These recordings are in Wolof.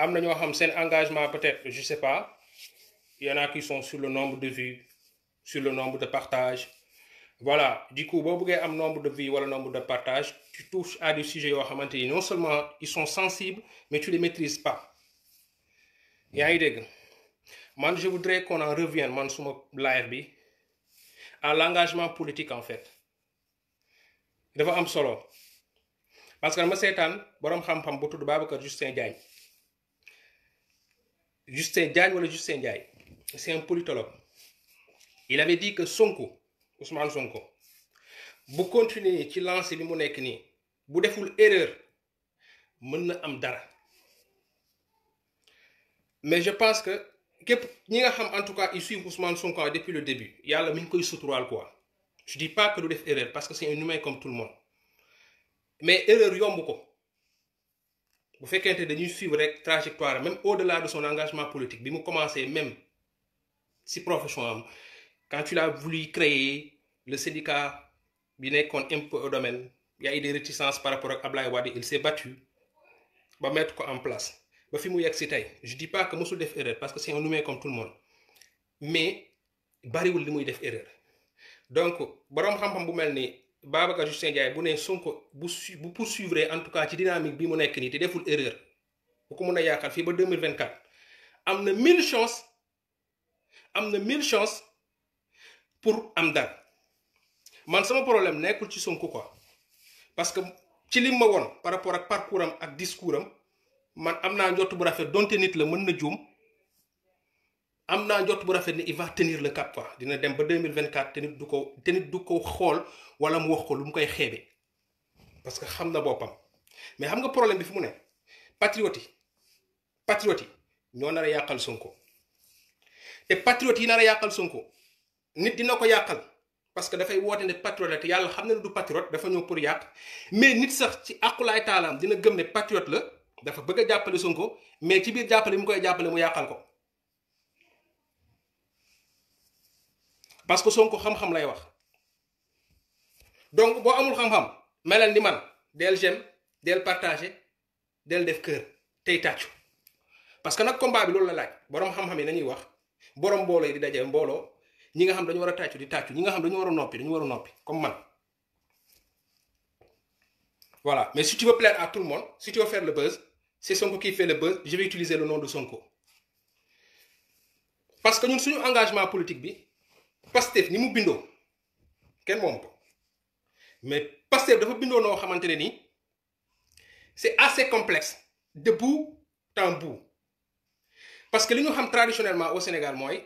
am na ñoo xam seen engagement peut-être je sais pas il y en a qui sur le nombre de vie sur le nombre de partage voilà du coup boo buggee am nombre de vues wala nombre de partages tu touches à des yoo xamante ni non seulement ils sont sensibles mais tu les maîtrises pas yaa ngi dégg man je voudrais qu'on en revienne man suma live bi à l'engagement politique en fait dafa am solo parce que dama seetaan boroom xam-xam bu tudd Babacar Justin Diagne Justin Diagne wala Justin Diagne c'est un politologue il avait dit que Sonko Ousmane Sonko bu continuer ci lancé bi mu nekk nii bu deful erreur mën na am dara mais je pense que képp ñi nga xam en tout cas ils suivent Ousmane Sonko depuis le début yàlla mi ngi koy suturaal quoi je dis pas que du def erreur parce que c'est un humain comme tout le monde mais erreur yomb ko. bu fekkente dañuy suivre rek trajectoire même au-delà de son engagement politique bi mu commencé même si profession am quand tu l'as voulu créer le syndicat bi nekkoon impôt au domaine y a eu des par rapport ak Ablaye Wade il s'est battu ba mettre ko en place ba fi mu yegg si tey je dis pas que mosul def erreur parce que c'est nu humain comme tout le monde mais bariwul li muy def erreur donc borom xam-xam bu mel ni Babacar Justin Ndiaye bu nee Sonko bu su bu poursuivre en tout cas ci dynamique bi mu nekk nii te deful erreur bu ko mën a yaakaar fii ba 2024 am na mille chance am na mille chance pour am dal man sama problème nekkul ci sunk ko parce que ci li ma woon par rapport ak parcours am ak discours am man am naa njott bu rafet donte nit la mën na juum. am naa njot bu rafet ni il va tenir le cap quoi dina dem ba 2024 te nit du ko te nit du ko xool wala mu wax ko lu mu koy xeebe parce que xam na boppam mais xam nga problème bi fi mu ne patriote yi patriote yi ñoo na a yàqal Sonko te patriote yi nar a yàqal Sonko nit dina ko yàqal parce que dafay woote ne patriote la te yàlla xam na ne du patriote dafa ñëw pour yàq mais nit sax ci àqulaay taalaam dina gëm ne patriote la dafa bëgg jàppale Sonko mais ci biir jàppale mu koy jàppale mu yàqal ko. parce que Sonko xam-xam lay wax donc boo amul xam-xam melal di man del j'aime del partager del def kër tey tàccu parce que nag combat bi loolu la laaj borom xam-xam yi nañuy wax borom mbooloo yi di daje mbooloo ñi nga xam dañu war a tàccu di tàccu ñi nga xam dañu war a noppi dañu war a noppi comme man. voilà mais si tu veux plaire à tout le monde si tu veux le buzz c'est Sonko qui fait le buzz je utiliser le nom de Sonko parce que ñun suñu engagement politique bi. Pastef ni mu bindoo kenn moom ko mais Pastef dafa bindoo noo xamante ne nii c'est assez complexe de bout en bout parce que li ñu xam traditionnellement au Sénégal mooy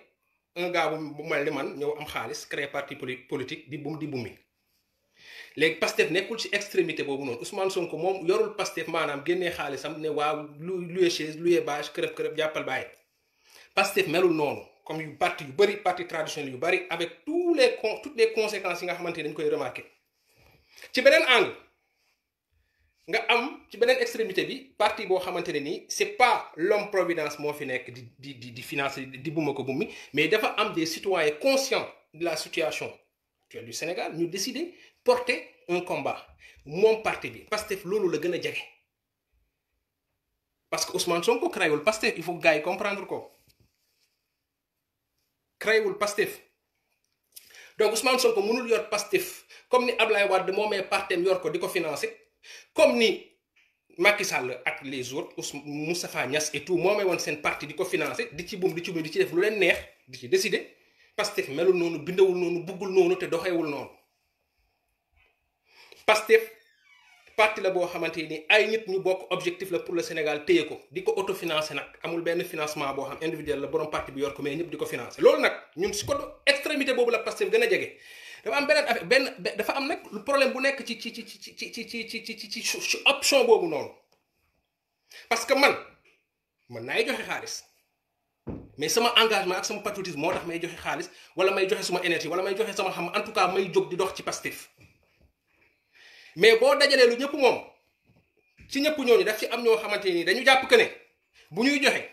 un gars bu mel ni man ñëw am xaalis créer parti politique di bum di bumi léegi Pastef nekkul ci extrémité boobu noonu Ousmane ko moom yorul Pastef maanaam génnee xaalisam ne waaw lu luye chaise luye bâche kërëb kërëb jàppal bàyyi Pastef melul noonu. comme yu parti yu bëri parti traditionnel yu bëri avec tous les con toutes les conséquences yi nga xamante ni dañ koy remarqué ci beneen angle nga am ci beneen extrémité bi parti boo xamante ne nii c'est pas l'homme providence moo fi nekk di di di di financer di buma ko bumi mais dafa am des citoyens de la situation actuelle du Sénégal ñu décider porter un combat moom parti bi Pastef loolu la gën a jege parce que Ousmane Sonko créewul Pastef il faut gars yi comprendre ko. créé wul Pastef donc Ousmane Sonko mënul yor Pastef comme ni Ablaye moo moomee partem yor ko di ko financé comme ni Macky Sall ak les autres Ous Moustapha Niass et tout moomee woon seen parti di ko financé di ci buum di ci buum di ci def lu leen neex di ci décider Pastef melul noonu bindawul noonu buggul noonu te doxewul noonu Pastef parti la boo xamante ni ay nit ñu bokk objectif la pour le Sénégal téye ko di ko autofinancé nag amul benn financement boo xam individuel la borom parti bi yor ko mais ñëpp di ko financé loolu nag ñun si côté extrémité boobu la Pastef gën a jege dafa am beneen affaire benn dafa am nag lu problème bu nekk ci ci ci ci ci ci ci ci ci option boobu noonu parce que man mën naay joxe xaalis mais sama engagement ak sama patriotisme moo tax may joxe xaalis wala may joxe suma wala may joxe sama xam en tout cas may jóg di dox ci Pastef mais boo dajalee lu ñëpp moom ci ñëpp ñooñu daf ci am ñoo xamante nii dañu jàpp que ne bu ñuy joxe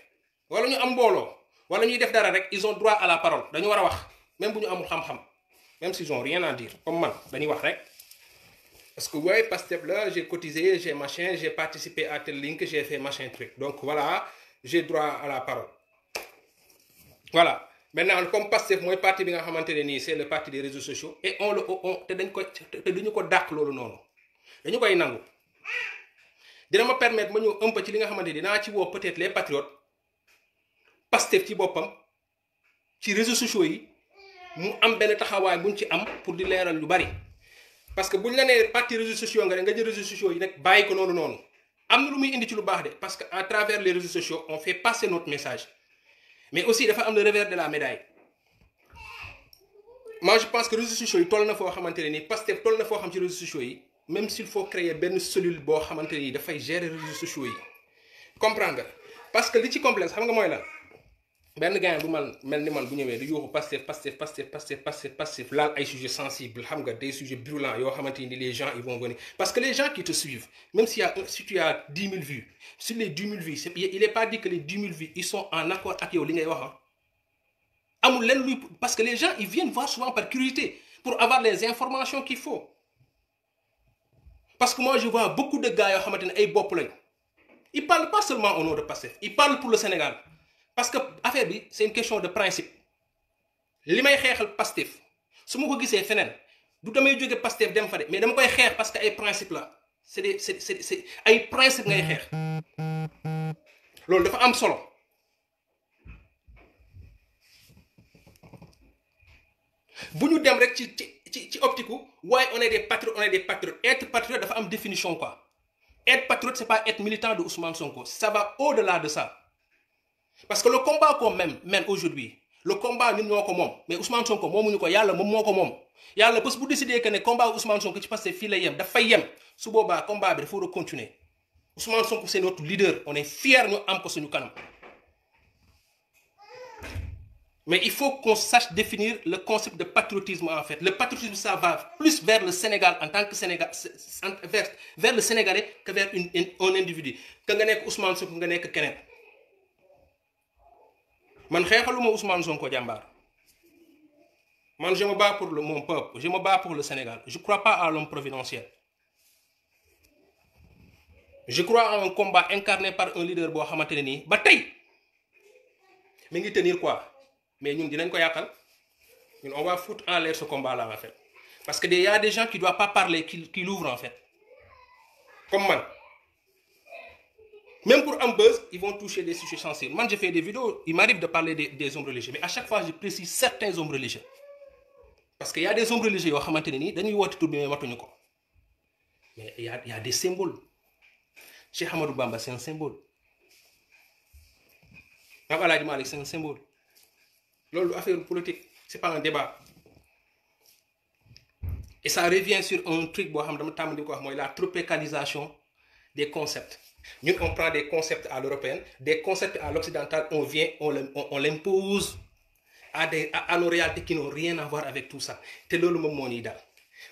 wala ñu am mbooloo wala ñuy def dara rek ils ont droit à la parole dañu war a wax même bu ñu amul xam-xam même s'ils ont rien à dire comme man dañuy wax rek parce que ouais Pastef la j'ai cotisé j'ai machin j'ai participé à tel link j'ai fait machin truc donc voilà j'ai droit à la parole voilà maintenant comme Pastef mooy parti bi nga xamante ne nii c'est le parti des réseaux sociaux et on te dañ ko te duñu ko dàq loolu dañu koy nangu dina ma permettre ma ñëw un peu ci li nga xamante ni dinaa ci woo peut-être les patriotes Pastef ci boppam ci réseaux sociaux yi mu am benn taxawaay buñ ci am pour di leeral lu bari parce que buñ la nee parti réseaux sociaux nga ne nga jël réseaux sociaux yi nag bàyyi ko noonu noonu am na lu muy indi ci lu baax de parce que à travers les réseaux sociaux on fait passer notre message mais aussi dafa am le revers de la médaille moi je pense que réseaux sociaux yi toll na foo xamante même s'il faut créer benn cellule boo xamante ni dafay gérer réseaux sociaux yi comprendre parce que li ci complexe xam nga mooy lan benn gars bu man mel ni man bu ñëwee di yuuxu Pastef Pastef Pastef Pastef Pastef Pastef laal ay sujets sensibles xam nga des sujets brûlants yoo xamante ni les gens ils vont venir parce que les gens qui te suivent même si y si tu as dix mille vues sur les dix mille vues il est pas dit que les accord ak yow li ngay wax ah. amul lenn luy que les gens ils viennent voir souvent par curiosité pour avoir Parce que moi, je vois beaucoup de gars qui ont des bons Ils ne parlent pas seulement au nom de PASSEF, ils parlent pour le Sénégal. Parce que l'affaire, c'est une question de principe. li may xeexal veux su ma ko gisee c'est fenen. du damay jóge Pastef dem fa de mais dama koy xeex parce que ay principe la c'est des c'est c'est ay principe ngay xeex loolu dafa am solo bu ñu dem rek ci ci ci ci optique waaye on est des patriotes on est des patriotes être patriote dafa am définition quoi être patriote c'est pas être militant de Ousmane Sonko ça va au-delà de ça parce que le combat qu'on mène mène aujourd'hui le combat ñun ñoo ko moom mais Ousmane Sonko moomuñu ko yàlla moom moo ko moom yàlla bés bu décidé que ne combat Ousmane Sonko ci Pastef fii la yem dafay yem su boobaa combat bi dafa war a continuer Ousmane Sonko c'est notre leader on est fier ñu am ko suñu kanam. Mais il faut qu'on sache définir le concept de patriotisme en fait. Le patriotisme, ça va plus vers le Sénégal en tant que Sénégal, vers, vers le Sénégalais que vers un individu. Quand on nekk Ousmane Sonko, quand on est Kenneth. Man, je Ousmane Sonko jàmbaar Man, je me bats pour le, mon peuple, je me bats pour le Sénégal. Je ne crois pas à l'homme providentiel. Je crois à un combat incarné par un leader qui ngi tenir quoi mais ñun dinañ ko yàqal ñun on va foutre en l'air ce combat là en fait parce que y a des gens qui doivent pas parler qui qui en fait comme man même pour am buzz ils vont toucher des sujets sensibles man je fais des vidéos il m'arrive de parler des des hommes religieux mais à chaque fois je précise certains hommes religieux parce que y a des hommes religieux yoo xamante ni nii dañuy woote tur bi ko mais y a y a des symboles Cheikh Amadou Bamba c'est un symbole. loolu affaire politique c'est pas un débat et ça revient sur un truc boo xam dama tàmm di ko wax mooy la tropicalisation des concepts ñun on prend des concepts à l'européenne des concepts à l'occidental on vient on le on, on l'impose à des à, à nos réalités qui n'ont rien à avec tout ça te loolu moom moo ñuy daal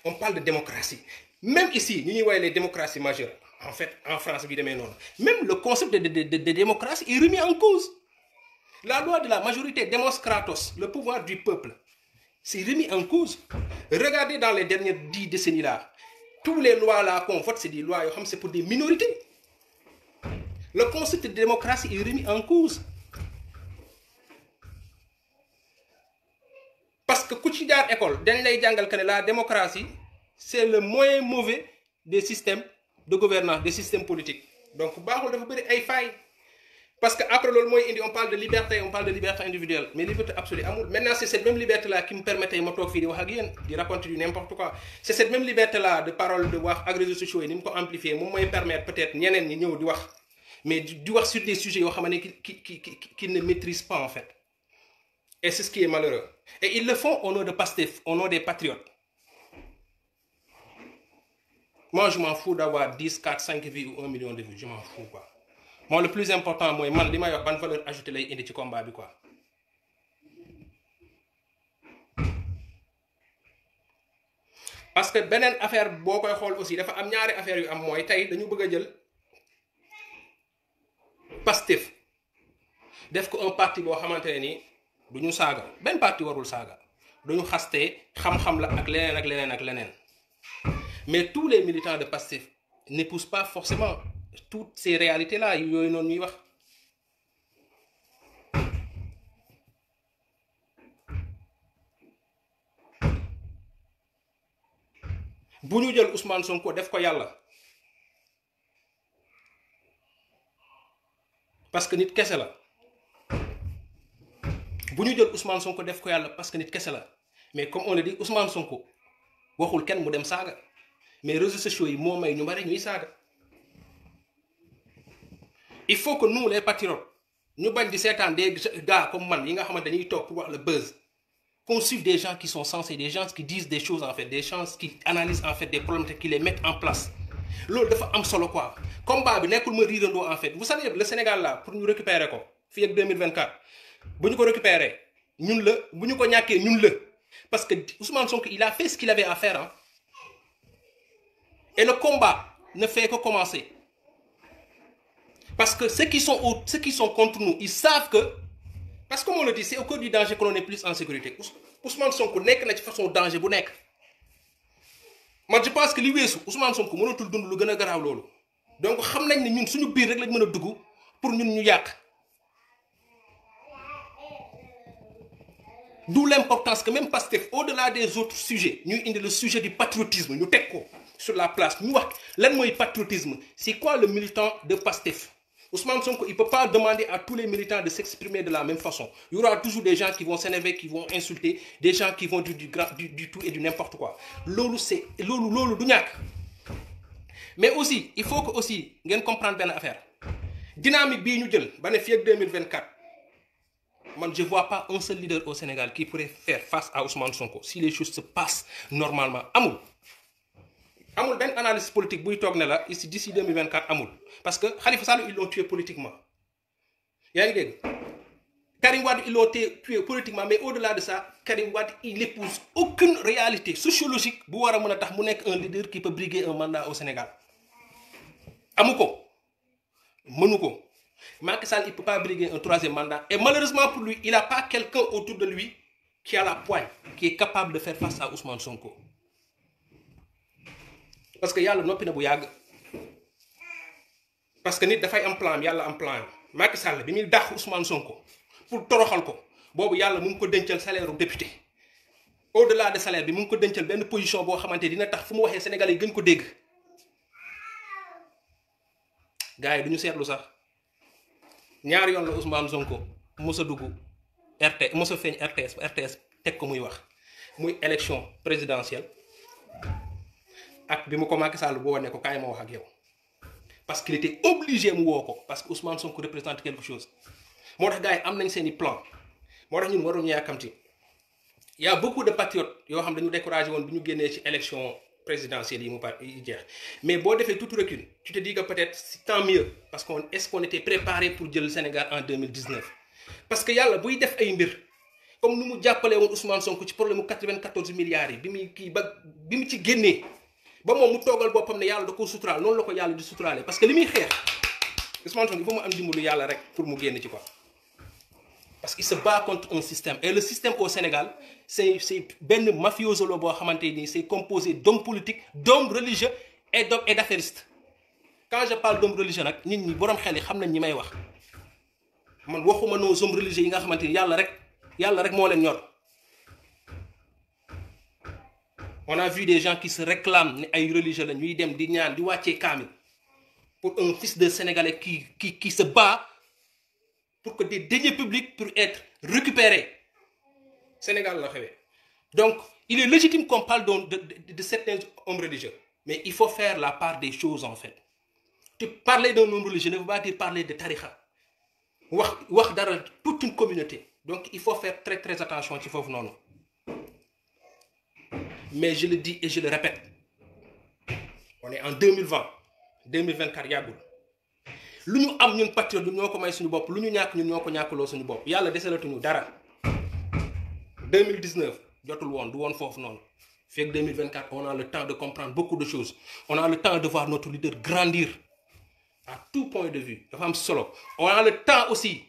on parle de démocratie même ici ñu ñuy woowee les démocraties majeures en fait en France bi demee non même le concept de de de, de démocratie est remis en cause. La loi de la majorité démos kratos, le pouvoir du peuple, s'est remis en cause. Regardez dans les dernières dix décennies-là, toutes les lois-là qu'on vote, c'est des lois, c'est pour des minorités. Le concept de démocratie est remis en cause. Parce que ku ci jaar école dañ lay jàngal que ne la démocratie c'est le moyen mauvais des systèmes de gouvernant des systèmes politiques donc baaxul dafa bëri ay failles. parce que après loolu mooy indi on parle de liberté on parle de liberté individuelle mais liberté absolue amul maintenant c'est cette même liberté là qui me permettait ma toog fii di wax ak yéen di raconter du n'importe quoi c'est cette même liberté là de parole de wax ak réseaux sociaux yi ni mu ko amplifier moom mooy permettre peut-être ñeneen ñi ñëw di wax mais di wax sur des sujets yoo xam ne ki ki ki ne maîtrise pas en fait et c'est ce qui est le font au nom de Pastef au nom des patriotes moi je moo le plus important mooy man li may wax ban valeur ajoutée lay indi ci combat bi quoi. parce que beneen affaire boo koy xool aussi dafa am ñaari affaire yu am mooy tey dañu bëgg a jël Pastef def ko un parti boo xamante ne ni du ñu saaga benn parti warul saaga duñu xaste xam-xam la ak leneen ak leneen ak leneen mais tous les militants de Pastef n'épousent pas forcément. tout ces réalités là yooyu noonu ñuy wax bu ñu jël Ousmane Sonko def ko yàlla parce que nit kese la bu ñu jël Ousmane Sonko def ko yàlla parce que kese la mais comme on le dit Sonko waxul kenn mu dem saaga mais réseaux sociaux yi moo may ñu bari ñuy saaga. il faut que nous les patriotes ñu bañ di seetaan des gars comme man yi nga xamante dañuy toog pour wax le buzz qu'on suive des gens qui sont sensés des gens qui disent des choses en fait des gens qui analysent en fait des problèmes te qui les mettent en place loolu dafa am solo quoi combat bi nekkul ma riirandoo en fait vous savez le Sénégal là pour ñu récupérer ko fii ak bu ñu ko récupérer ñun la bu ñu ko ñàkkee ñun la parce que Ousmane Sonko il a fait ce qu'il avait à faire ah et Parce que ceux qui, sont au, ceux qui contre nous, ils que, parce que comme on le dit, c'est au cœur du danger que l'on est plus en sécurité. Ousmane Sonko nekk na ci façon danger bu nekk man je pense que li weesu Ousmane Sonko mënatul dund lu gën a garaaw loolu donc xam nañ ne ñun suñu biir rek lañ mën a duggu pour ñun ñu yàq d'où l'importance que même Pastef au-delà des autres sujets ñuy indi le sujet du patriotisme ñu teg ko sur la place ñu waxtu lan mooy patriotisme c'est quoi le militant de Pastef Ousmane Sonko, il ne peut pas demander à tous les militants de s'exprimer de la même façon. Il y aura toujours des gens qui vont s'énerver, qui vont insulter, des gens qui vont dire du, du, du tout et du n'importe quoi. Lolo, c'est. Lolo, lolo, d'ougnac. Mais aussi, il faut que aussi, vous comprendre une affaire. Dynamique bi nous jël, 2024. Man, je vois pas un seul leader au Sénégal qui pourrait faire face à Ousmane Sonko si les choses se passent normalement. Amour. amul benn analyse politique buy toog ne la ici d'ici 2024 amul parce que Khalifa Sall ils l'ont tué politiquement yaa ngi dégg Karim Wade ils politiquement mais au-delà de ça Karim Wade il épouse aucune réalité sociologique bu war a mën a tax mu nekk un leader qui peut briguer un mandat au Sénégal amu ko mënu ko Macky Sall il peut pas briguer un troisième mandat et malheureusement pour lui il a pas quelqu'un autour de lui qui a la de faire face à parce que yàlla noppi na bu yàgg parce que nit dafay am plan yàlla am plan Macky Sall bi muy dàq Ousmane Sonko pour toroxal ko boobu yàlla mu ngi ko dencal salaire u député au delà de salaire bi mu ngi ko dencal benn position boo xamante dina tax fu mu waxee Sénégalais yi gën ko dégg gars yi du ñu seetlu sax ñaar yoon la Ousmane Sonko mos a dugg RT mos a feeñ RTS RTS teg ko muy wax muy élection présidentielle. ak bi mu ko Macky Sall boo ne ko kaay ma wax ak yow parce qu'il était obligé mu woo ko parce que usman Sonko représente quelque chose moo tax gars yi am nañ seen i plan moo tax ñun waruñu yàkkamti y' a beaucoup de patriotes yoo xam dañu découragé woon bi ñu génnee ci élection présidentielle yi mu par mais boo defee tout recul tu te dis que peut-être c'est tant mieux parce qu'on est-ce qu'on était préparé pour jël Sénégal en parce que yàlla buy def ay mbir comme nu mu jàppalee woon Ousmane Sonko ci problème mu 94 milliards yi bi muy kii ba bi mu ci génnee. ba moom mu toogal boppam ne yàlla da koo suturaal noonu la ko yàlla di suturaale parce que li muy xeex Ousmane Sonko il faut mu am dimbalu yàlla rek pour mu génn ci ko parce que se bat contre un système et le système au Sénégal c'est c'est benn mafioso boo xamante ni c'est composé d'hommes politiques d'hommes religieux et d'hommes et d'affairistes quand je parle d'hommes religieux nag nit ñi borom xel yi xam nañ ñi may wax man waxuma noo hommes religieux yi nga xamante ni yàlla rek yàlla rek moo leen ñor on a vu des gens qui se réclament ne ay religieux la ñuy dem di ñaan di wàccee kaamil pour un fils de sénégalais qui qui qui se bat pour que des deniers publics pour être récupérés Sénégal la xewee donc il est légitime qu'on parle de, de, de certains hommes religieux mais il faut faire la part des choses en fait te parler d'un homme religieux ne veut pas dire parler de tarixa wax wax dara toute une communauté donc il faut faire très très attention ci foofu noonu mais je le dis et je le répète on est en 2020 2024 yàggul lu ñu am ñun patriote ñun ñoo ko may suñu bopp lu ñu ñàkk ñun ñoo ko ñàkkuloo suñu bopp yàlla desalatuñu dara 2019 jotul woon du woon foofu noonu fekk 2024 on a le temps de comprendre beaucoup de choses on a le temps de voir notre leader grandir à tout point de vue dafa am solo on a le temps aussi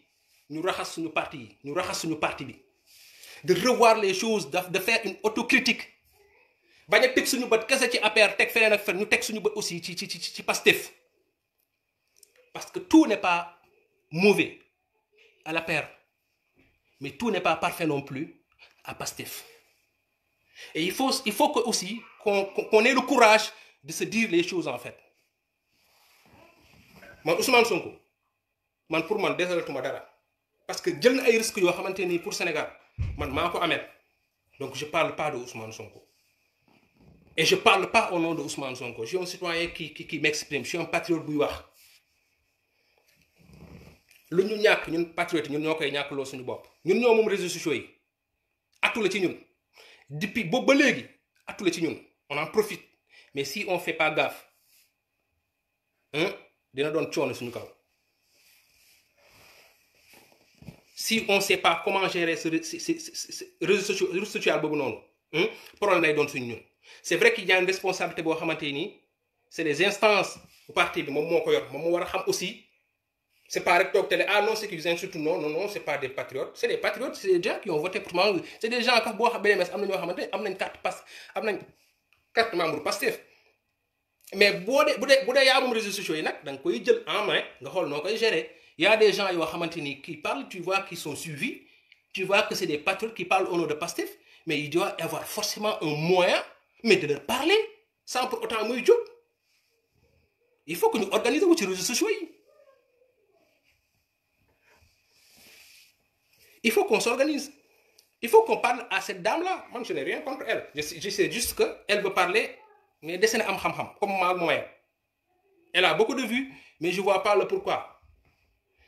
ñu raxas suñu parti yi ñu raxas suñu parti bi de revoir les choses de faire une autocritique bañ a teg suñu bët kese ci APR teg feneen ak fen ñu teg suñu bët aussi ci ci ci ci Pastef parce que tout net pas mauvais à l'APR mais tout n'est pas parfait non plus à Pastef et il faut il faut que aussi qu'on qu'on le courage de se dire les choses en fait man Ousmane Sonko man pour man desalatuma dara parce que jël na ay risques yoo xamante nii pour Sénégal man maa ko amee donc je parle pas de Ousmane Sonko. et je parle pas au nom de Ousmane Sonko je suis un citoyen ki ki qui m'exprime je un patriote buy wax lu ñu ñàkk ñun patriote ñun ñoo koy ñàkkloo suñu bopp ñun ñoo moom réseaux sociaux yi attu ci ñun depuis boobu ba léegi attu ci ñun on en profite mais si on fait pas gaffe dina doon coono suñu kaw si on sait pas comment gérer ce réseau social boobu noonu problème lay doon suñu ñun. c'est vrai qu'il y a une responsabilité boo xamante nii c'est les instances parti bi moom moo ko yor moom moo war a xam aussi c'est pas rek toog télé ah non c'est qu'ils insultent non non non c'est pas des patriotes c'est des patriotes qui ont voté pour Mansour c'est des xam BMS am na ñoo xamante ne am nañ carte pass am nañ mais boo dee bu dee bu dee yaa moom réseaux sociaux yi nag da nga koy jël en main nga xool noo koy gérer y a des gens yoo xamante ni qui parlent tu vois qui sont suivis tu vois que c'est des patriotes qui parlent mais de leur parler sans pour autant muy jóg il faut que ñu organiser wu ci réseaux sociaux yi il faut qu'on s'organise il faut qu'on parle à cette dame la man je n'ai rien contre elle je sais, je que elle veut parler mais dese na am xam-xam comme maag mu mayam elle a beaucoup de vues mais je vois pas le pourquoi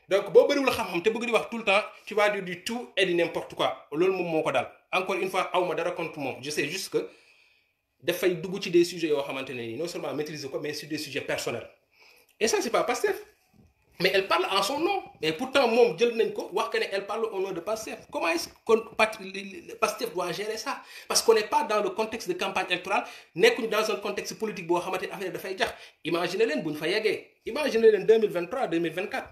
donc boo bëriwul xam-xam te bëgg di wax tout le temps tu vas dire du tout et du n'importe quoi loolu moom moo ko daal encore une fois awma dara contre moom je dafay dugg ci des sujets yoo xamante ne nii non seulement maîtriser ko mais sur des sujets personnels et ça c'est pas mais elle parle en son nom mais pourtant moom jël nañ ko wax que ne elle parle au nom de Pastef comment est-ce que Pastef doit gérer ça parce qu'on n'est pas dans le contexte de campagne électorale nekkuñu dans un contexte politique boo xamante ne affaire dafay jax imaginez leen bu ñu fa yeggee imaginez leen 2023 2024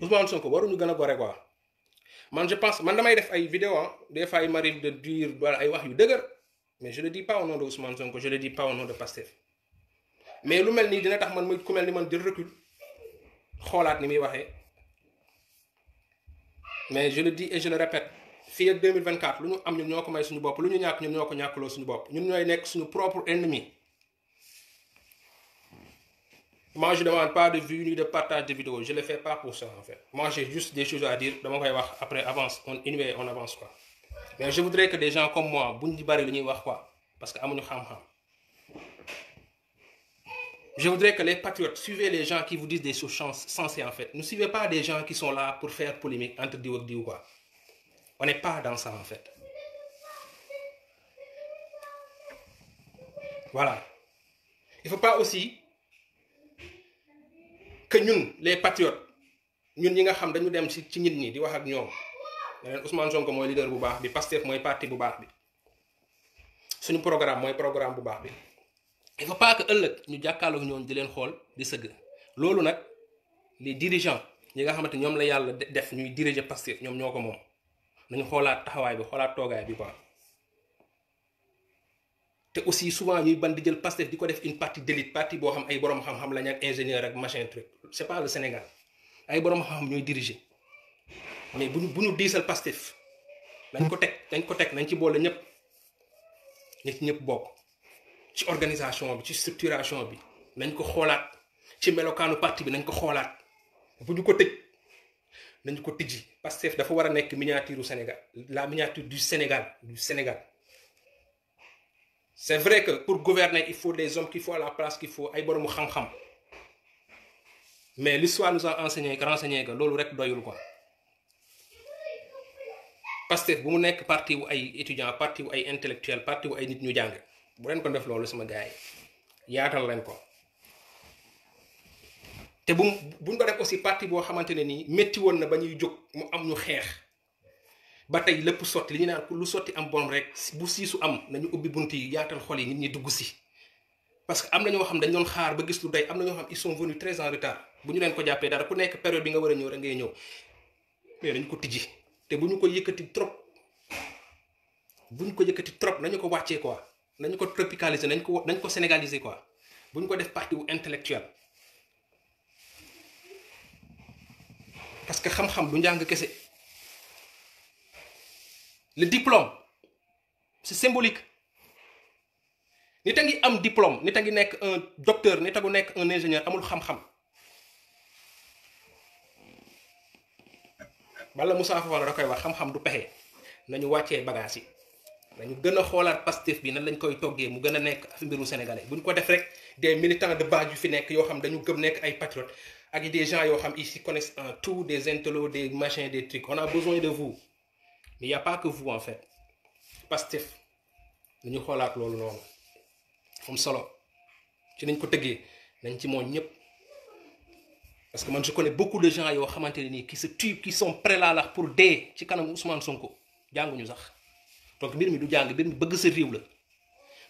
Ousmane Sonko waruñu gën a gore quoi man je pense man damay def ay vidéo des fois il m'arrive de dire wala ay wax yu dëgër mais je le dis pas au nom de Ousmane Sonko je le dis pas au de Pastef mais lu mel nii dina tax man muy ku mel ni man jël recul xoolaat ni muy waxee mais je le dis et le répète fii ak 2024 lu ñu am ñun ñoo ko may suñu bopp lu ñu ñàkk ñun ñoo ko ñàkkuloo suñu bopp ñun ñooy nekk suñu propre ennemi. moi je ne demande pas de vues ni de partage de vidéos je le fais pas pour ça en fait moi j'ai juste des choses à dire dama koy wax après avance on inwe on avance quoi mais je voudrais que des gens comme moi buñ di bari lu ñuy wax quoi parce que amuñu xam-xam je voudrais que les patriotes suivez les gens qui vous disent des choses sensées en fait ne suivez pas des gens qui sont là pour faire polémique entre diw ak diw quoi on n'est pas dans que ñun les patriotes ñun ñi nga xam dañu dem ci ci nit ñi di wax ak ñoom ne leen Ousmane Sonko mooy leader bu baax bi Pastef mooy parti bu baax bi suñu programme mooy programme bu baax bi il faut pas ëllëg ñu jàkkaarloog ñoom di leen xool di sëgg loolu nag les dirigeants ñi nga xamante ñoom la yàlla def ñuy diriger Pastef ñoom ñoo ko moom nañu xoolaat taxawaay bi xoolaat toogaay bi quoi. te aussi souvent ñuy ban di jël Pastef di ko def une partie d'élite partie boo xam ay borom xam-xam lañ ak ingénieur ak machin truc c'est pas le Sénégal ay borom xam-xam ñooy diriger mais bu ñu bu ñu diisal Pastef nañ ko teg nañ ko teg nañ ci boole ñëpp ñi ñëpp bokk ci organisation bi ci structuration bi nañ ko xoolaat ci melokaanu parti bi nañ ko xoolaat bu ñu ko tëj nañ ko tijji Pastef dafa war a nekk miniature du Sénégal laa miniature du Sénégal du Sénégal. c'est vrai que pour gouverner il faut des hommes qu'il faut à la place qu'il faut ay boroomu xam-xam mais l'histoire nous a enseigné renseigné loolu rek doyul quoi Pastef bu mu nekk parti wu ay étudiants parti wu ay intellectuels parti wu ay nit ñu jàng bu leen ko def loolu sama gars yi yaatal leen ko te bu mu bu ñu ko def aussi parti boo xamante ne nii métti woon na ba ñuy jóg mu am ñu xeex. ba tey lépp sotti li ñu naan lu sotti am borom rek bu siisu am na ñu ubbi bunt yi yaatal xol yi nit ñi dugg si parce que am na ñoo xam dañ doon xaar ba gis lu day am na ñoo xam ils sont venus très bu ñu leen ko jàppee dara ku nekk période bi nga war a ñëw rek ngay ñëw mais dañ ko tijji te bu ñu ko yëkkati trop bu ñu ko yëkkati trop nañu ko wàccee quoi nañu ko tropicaliser nañ ko nañ ko sénégaliser quoi bu ñu ko def partie wu intellectuelle parce que xam-xam du njàng le diplôme c'est symbolique nit a ngi am diplôme nit a ngi nekk un docteur nit a ngi nekk un ingénieur amul xam-xam bala Moussa Fofana da koy wax xam-xam du pexe nañu wàccee bagage yi nañu gën a xoolaat Pastef bi nan lañ koy toggee mu gën a nekk mbiru sénégalais buñ ko def rek de militants de base yu fi nekk yoo xam dañu gëm nekk ay patriotes ak des gens yoo xam ils s'y connaissent en tout des intellos des machins des trucs on besoin de vous mais y' a pas que vous en fait Pastef dañu xoolaat loolu noonu am solo ci nañ ko tëggee nañ ci moom ñëpp parce que man je connais beaucoup de gens yoo xamante ne nii qui se tuent qui sont prêts là là pour dee ci kanam Ousmane Sonko jànguñu sax donc mbir mi du jàng mbir mi bëgg sa réew la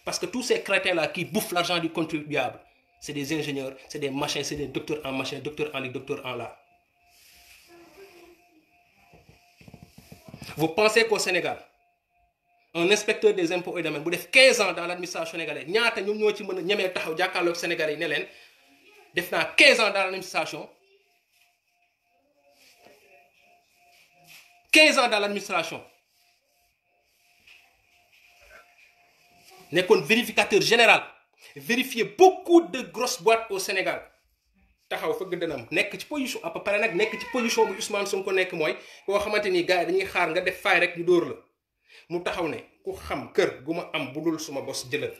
parce que tous ces crétins là qui bouffent l'argent du contribuable c'est des ingénieurs c'est des machins c'est des docteurs en machin docteurs en li docteurs en là vous pensez qu'au Sénégal un inspecteur des impôts et domaines bu def quinze ans dans l' administration sénégalaise ñaata ñoom ñoo ci mën a ñemee taxaw jàkkaarloog Sénégalais yi ne leen def naa 15 ans dans l' administration 15 ans dans l' administration nekkoon vérificateur général vérifier beaucoup de grosses boîtes au Sénégal. taxaw fëgg dënam nekk ci position à peu près nekk mooy koo xamante ni gars dañuy xaar nga def faay rek ñu dóor la mu taxaw ne ku xam kër gu ma am bu dul suma bos jëlal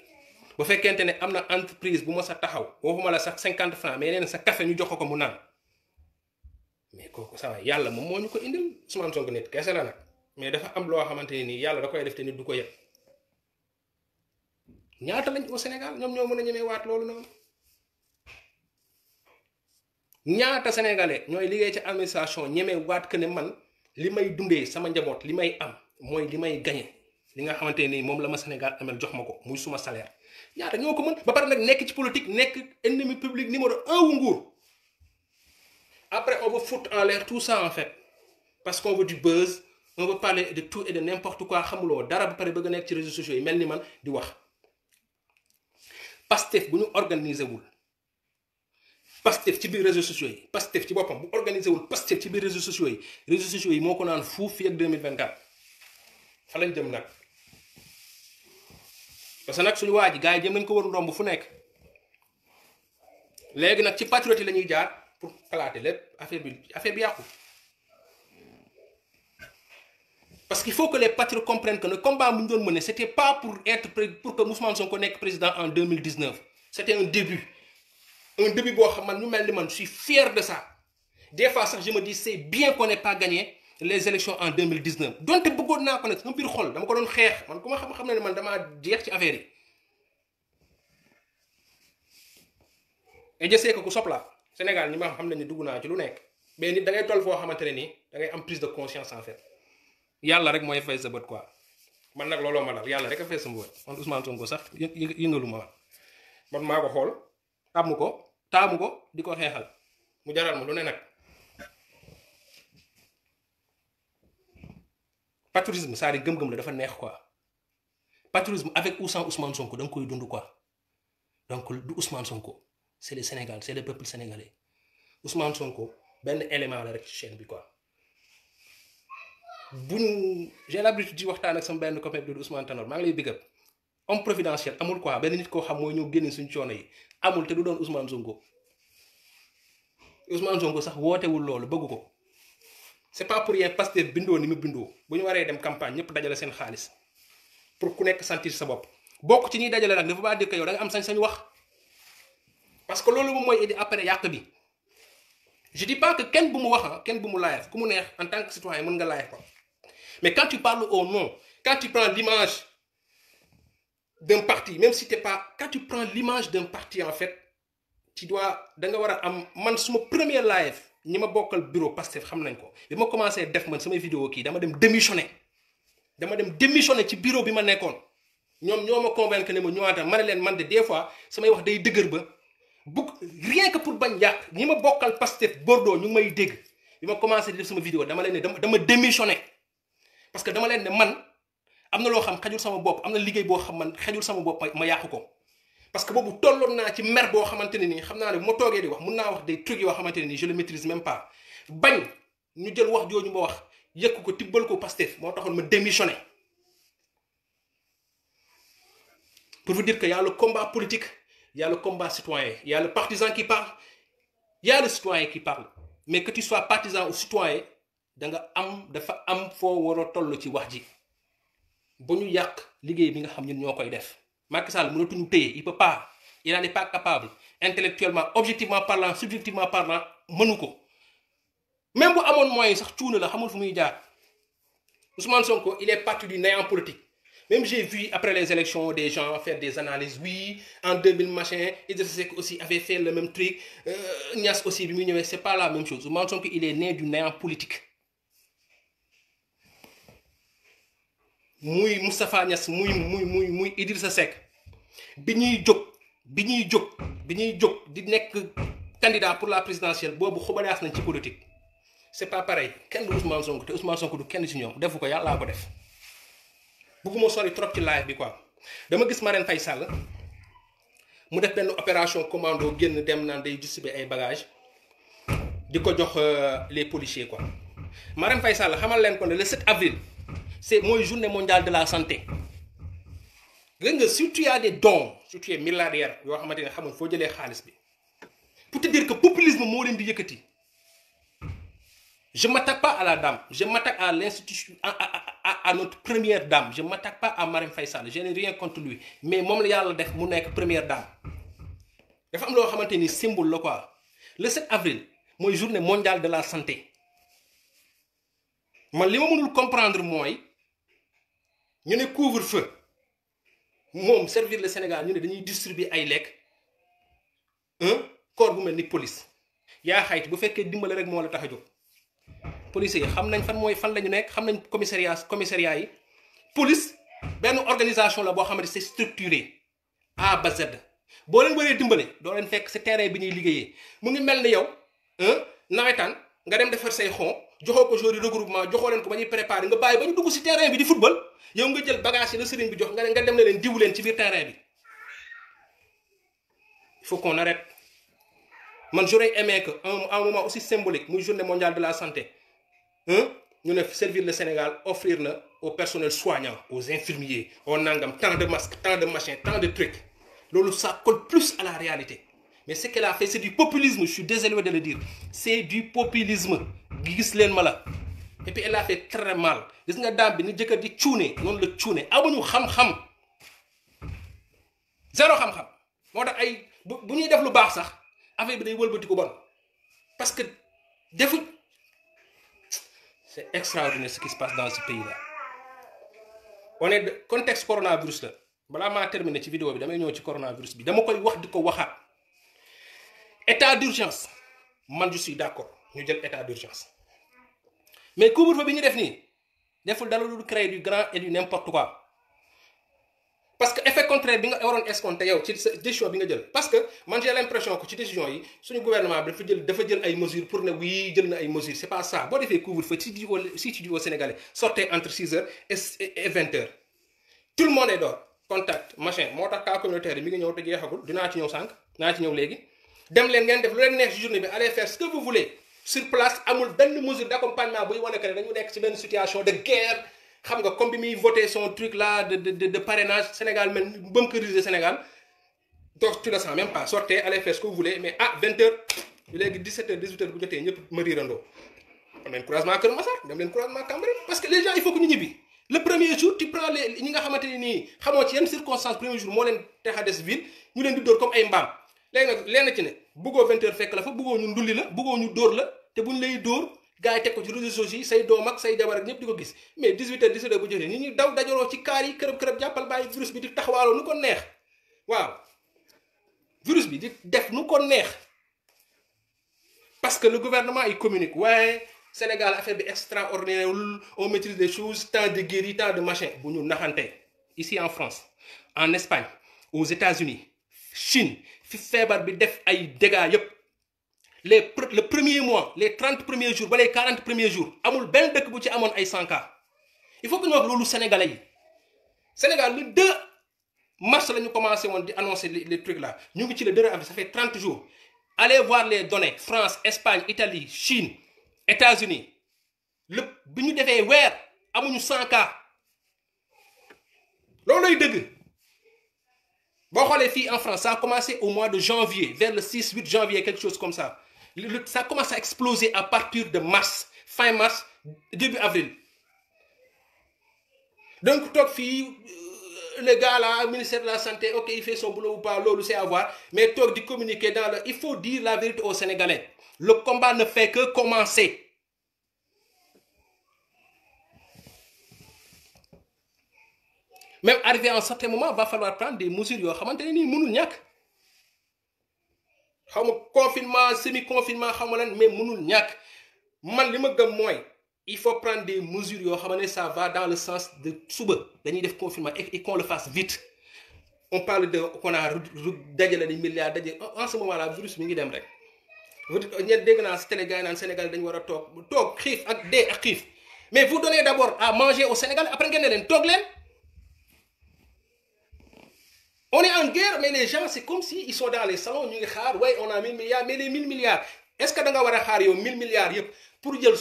bu fekkente ne am na entreprise bu ma sa taxaw waxuma la sax cinquante franc mais neen sa café ñu jox ko mu naan mais kooku saa yàlla moom moo ñu ko indil Ousmane Sonko nit kese la nag mais dafa am loo xamante ne nii yàlla da koy def te nit du ko yëg ñaata lañ au Sénégal ñoom ñoo ñaata sénégalais ñooy liggéey ci administration ñemee waat que ne man li may dundee sama njaboot li may am mooy li may gañe li nga xamante nii moom la ma Sénégal amel jox ma ko muy suma salaire ñaata ñoo ko mën ba pare nag nekk ci politique nekk ennemi public numéro un wu nguur après on veut foutre en l'air tout ça en fait parce qu'on veut du buzz on veut parler de tout et de n'importe quoi xamuloo dara ba pare bëgg a nekk ci réseaux sociaux yi mel ni man di wax Pastef bu ñu organiser wul Pastef ci biir réseaux sociaux yi Pastef ci boppam bu organisé wul Pastef ci biir réseaux sociaux yi réseaux sociaux yi moo ko naan fuuf fii ak 2024 fa lañ jëm nag parce que nag suñu waa ji gars yi jëm nañ ko war ndomb fu nekk léegi nag ci patriote yi la ñuy jaar pour kalaate lépp affaire bi affaire bi yàqu parce qu'il faut que les patriotes comprennent que le combat bu ñu doon mëne c'était pas pour être pour que Ousmane Sonko nekk président en un début boo xam man ñu mel ni man je suis de ça des fois sax je me dis c'est bien qu'on n'ait pas gagné les élections en 2019 donte bëggoon naa ko nag sama biir xol dama ko doon xeex man ku ma xam-xam ne man damaa jeex ci affaire yi. et je sais que ku soppala Sénégal dugg naa ci lu nekk mais nit da ngay toll foo xamante ne nii dangay am prise de conscience en fait yàlla rek mooy fay sa bët quoi man nag looloo ma dal yàlla rek a fay sa bët man Ousmane Sonko sax yë yëngalu ma man maa ko xool. tàmm ko taamu ko di ko xeexal mu jaral ma lu ne nag patriotisme saa gëm-gëm la dafa neex quoi patriotisme avec ou sans Ousmane Sonko danga koy dund ko donc du Ousmane Sonko c'est le Sénégal c'est le peuple sénégalais Ousmane Sonko benn élément la rek ci chaîne bi quoi buñ j'ai l'habitude di waxtaan ak sama benn copain bi Ousmane Tanor maa ngi lay big up homme providentiel amul quoi benn nit koo xam mooy ñëw génne suñu coono yi amul te du doon Ousmane Sonko Ousmane Sonko sax wootewul loolu bëgg ko c'est pas pour rien Pastef bindoo ni mu bindoo bu ñu waree dem campagne ñëpp dajale seen xaalis pour ku nekk sentir sa bopp bokk ci ñuy dajale nag dafa baa dëkk yow da am sañ-sañ wax parce que loolu moom mooy indi après yàq bi je dis pas que kenn bu mu wax kenn bu mu laajal ku mu neex en tant que citoyen mën nga laajal ko mais quand tu parles au nom quand tu prends l'image d'un parti même si t'es pas quand tu prends l'image d'un parti en fait ci dois da nga war a am man suma premier live ñi ma bokkal bureau Pastef xam nañ ko bi ma commencé def man samay vidéo kii dama dem démissionné dama dem démissionné ci bureau bi ma nekkoon ñoom ñoo ma convaincre ne ma ñëwaata ma ne leen man de des fois samay wax day dëgër ba bu rien que pour bañ yàq ñi ma bokkal Pastef Bordeaux ñu may dégg bi ma commencé di def sama vidéo leen ne dama dama démissionné parce que dama leen ne man. am na loo xam xajul sama bopp am na liggéey boo xam man xajul sama bopp ma yàqu ko parce que boobu tolloon naa ci mer boo xamante ne nii xam naa ne bu ma toogee di wax mun naa wax des trucs yoo xamante ne nii je le maîtrise même bañ ñu jël wax jooju ma wax yëkk ko tibbal ko Pastef moo taxoon ma démissionné pour vous dire que yàlla a le combat politique y a le combat citoyen y a le partisan qui parle y a le citoyen qui parle mais que tu sois partisan ou citoyen da nga am dafa am foo war a ci wax ji. ba ñu yàq liggéey bi nga xam ñun ñoo koy def Macky Sall mënatuñu téye il peut pas il n'est pas capable intellectuellement objectivement parlant subjectivement parlant mënu ko même bu amoon moyen sax cuuna la xamul fu muy jaar Ousmane Sonko il est parti du néant politique même des gens faire des en 2000 machin Idrissa Seck aussi avait le même truc euh, bi muy ñëwee c'est pas la il est né du néant politique. muy Moustapha Niass muy muy muy muy sa Seck bi ñuy jóg bi ñuy jóg bi ñuy jóg di nekk candidat pour la présidentielle boobu xubalaas nañ ci politique c'est pas pareil kenn du Ousmane Sonko te Ousmane Sonko du kenn ci ñoom defu ko yàllaa ko def bëgguma sori trop ci live bi quoi dama gis Marème fay Sall mu def benn opération commando génn dem naan day distribuer ay bagages di ko jox euh, les ko quoi Marème Faye Sall xamal leen ko ne le 7 avril. c'est mooy journée mondiale de la santé gën nga surtout y a des dons surtout y a milliardaires yoo xamante ne xamul foo jëlee xaalis bi pour te dire que populisme moo leen di yëkkati je m'attaque pas à la dame je m'attaque à l'institution à, à, à, première dame je m'attaque pas à Marème Faye Sall je n'ai rien contre lui mais moom la yàlla def mu nekk première dame dafa am loo xamante ni symbole la quoi le 7 avril mooy journée mondial de la santé man li ma comprendre mooy ñu ne couvre-feu moom servir le Sénégal ñu ne dañuy distribuer ay lekk un corps bu mel ni police yaa xayti bu fekkee dimbale rek moo la tax a jóg police yi xam nañ fan mooy fan la ñu nekk xam nañ commissariat commissariat yi police benn organisation la boo xamante c'est structuré ah ba Z boo leen waree dimbale doo leen fekk si terrain bi ñuy liggéeyee mu ngi mel ni yow nawetaan nga dem defar say xon joxoo ko joueur yi regroupement joxoo leen ko ba ñuy préparé nga bàyyi ba ñu dugg si terrain bi di football yow nga jël bagage yi la sëriñ bi jox nga ne nga na leen diwu ci biir terrain bi il faut qu'on man j'aurais aimé que un moment aussi symbolique muy journée mondiale de la santé ñu ne servir le Sénégal offrir na au personnel soignant au infirmiers au nangam tant de masques tant de machins tant de trucs loolu ça colle plus à la réalité mais ce qu'elle a fait c'est du populisme je de le dire c'est du populisme gis leen ma la et puis la a fait très mal gis nga daam bi ni jëkkër di cuune noonu la cuune amuñu xam-xam zéro xam-xam moo tax ay bu bu ñuy def lu baax sax affaire bi day wëlbati ko bon parce que defu c'est extraordinaire ce qui se passe dans ce pays là on est contexte coronavirus la balaa maa terminer ci vidéo bi damay ñëw ci coronavirus bi dama koy wax di ko waxaat. état d'urgence man je suis d'accord ñu jël état d'urgence mais couvre-feu bi ñu def nii deful dara lu créer du grand et du n'importe quoi parce que effet contraire bi nga waroon escompté yow ci décision bi nga jël parce que man j'ai l'impression que ci décision yi suñu gouvernement bi dafa jël dafa jël ay mesures pour ne oui jël na ay mesures c'est pas ça boo defee couvre-feu si tu si tu dis aux Sénégalais sortez entre 6 heures et 20 tout le monde est dehors contact machin moo tax cas mi ngi ñëw te jeexagul dinaa ci ñëw sànq dinaa ci ñëw léegi. dem leen ngeen def lu leen neex ci journée bi allez faire ce que vous voulez sur place amul benn mesure d'accompagnement buy wane que dañu nekk ci benn situation de guerre xam nga comme bi muy voté son truc là de de de parrainage Sénégal mel bunkerisé Sénégal donc tu le sens même pas sortez allez ce que vous voulez mais ah 20h léegi 17h 18h bu jotee ñëpp ma riirandoo am leen croisement Kër Massar croisement parce que les gens il faut ni nii xamoo ci moo leen tax a des ville leen di dóor bëggoo vingt heures fekk la fa bëggoo ñu ndulli la bëggoo ñu dóor la te buñ lay dóor gars yi teg ko ci réseaux sociaux yi say doom ak say jabar ak ñëpp di ko gis mais 18 heures 17 heures bu jotee nit ñi daw dajaloo ci kaar yi kërëb kërëb jàppal bàyyi virus bi di taxawaaloo nu ko neex waaw virus bi di def nu ko neex parce que le gouvernement il communique waaye Sénégal affaire bi extraordinaire on maîtrise des choses tant de guéri tant de machin bu ñu naxante ici en France en Espagne aux fi feebar bi def ay dégâts yépp les le premier mois les trente premiers jour ba les quarante premiers jours amul benn dëkk bu ci amoon ay sanka il faut que ñu wax loolu sénégalais yi Sénégal le 2 mars la ñu commencé woon di annoncer les trucs là ñu ngi ci le 2 avril ça fait 30 jours allez voir les données France Espagne Italie Chine états uni lépp bi ñu defee weer amuñu 100 cas loolu lay dëgg boo xoolee fii en France ça a au mois de janvier vers le 6 8 janvier quelque chose comme ça ça commence à exploser à partir de mars fin mars début avril donc toog fii euh, le gars là ministère de la santé ok il fait son boulot ou pas loolu c'est à mais toog di communiquer dans le il faut dire la vérité au Sénégalais le combat ne fait que commencer mais arrivé à un certain moment va falloir prendre des mesures yoo xamante ne nii mënul ñàkk xaw ma confinement semi confinement xaw ma lan mais mënul ñàkk man li ma gën mooy il faut prendre des mesures yoo xamante ne ça va dans le sens de suba dañuy def confinement et qu'on le fasse vite on parle de qu'on a dajale mi ngi dem rek ñeent dégg naa si télé naan Sénégal dañu war a toog toog xiif ak dee ak xiif mais vous donnez d'abord à manger au Sénégal après ngeen ne leen toog leen on est en guerre mais les gens c'est comme si ils sont dans les ñu ngi xaar waaye on a 1000 milliards mais les 1000 milliards est-ce war a xaar yow 1000 milliards yëpp pour jël